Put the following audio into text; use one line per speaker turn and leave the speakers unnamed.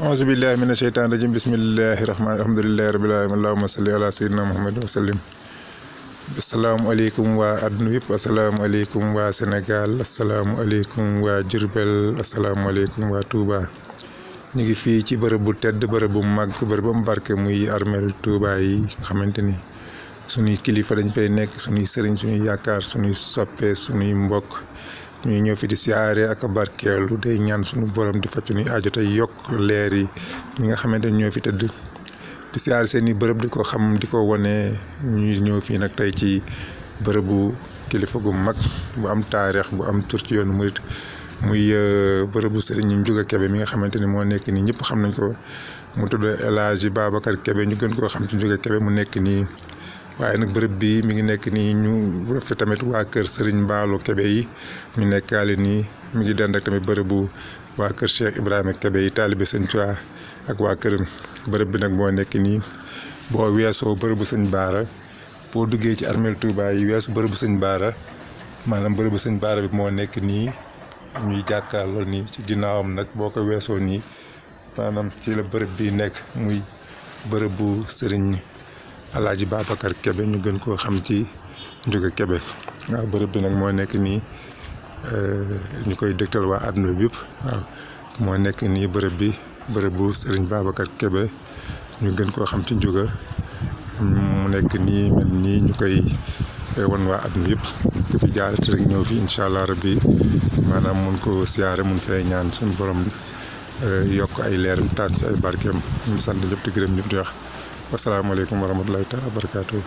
auzu billahi mina sheytaani rajim bismillahi rahmaani alhamdulilahi rabbil alamin allahumma salli ala sayyidina muhammad wa sallim asalaamualeykum waa adduna yëpp asalaamualeykum waa sénégal asalaamualeykum waa jurbel asalaamualeykum waa touba ñu ngi fii ci bërëb bu tedd bërëb bu mag bërëb bu barke muy armeel touba yi nga xamante ni suñuy kilifa dañ fa nekk suñuy sëriñ suñuy yaakaar suñuy soppee suñuy mbokk ñuy ñëw fi di siyaare ak barkeelu day ñaan suñu borom di fàcc ni aajo tey yokk leer yi ñi nga xamante ni ñoo fi tëdd di siyaare seen i bërëb di ko xam di ko wane ñuy ñëw fii nag tey ci bërëbu kilifa gu mag bu am taarix bu am tur ci yoonu murit muy euh, bërëbu sëriñ ñu Ndiouga Kébé mi nga xamante ni moo nekk nii ñëpp xam nañ ko mu tudd El Hadji Babacar Kébé ñu gën koo xam ci Ndiouga Kébé mu nekk nii. waaye nag bërëb bi mi ngi nekk nii ñu fi tamit waa kër sëriñ mbaalu Kébé yi ñu nekkaale nii mu ngi dend ak tamit bërëbu waa kër Cheikh Ibrahima kebe yi taalibe Sëñ Tuubaa ak waa këram bërëb bi nag moo nekk nii boo weesoo bërëbu Sëñ Baara boo duggee ci armeel yi weesu bërëbu Sëñ Baara maanaam bërëbu Sëñ Baara bi moo nekk nii ñuy jàkkaarloo nii ci ginnaawam nag boo ko weesoo nii maanaam ci la bërëb bi nekk muy bërëbu Serigne. alhaji babacar kebe ñu gën ko xam ci njuga kebe waaw bërepp nak mo nekk ni euh ñukoy dektal wa àdduna bi yëpp waaw mo nekk ni bërepp bi bërepp bu serigne babakar kebe ñu gën ko xam ci njuga mu nekk ni mel nii ñu koy eh, wan waa àdduna ku fi jaarate rek ñëw fi inshallah rabbi manam mun ko siyaré mun fay ñaan suñu borom eh, yok ay leeram tànc ay barkem ñu sant ñëpp te gërem ñëpp di wax wasalaamaaleykum wa rahmatulahi taala wa barakaatu.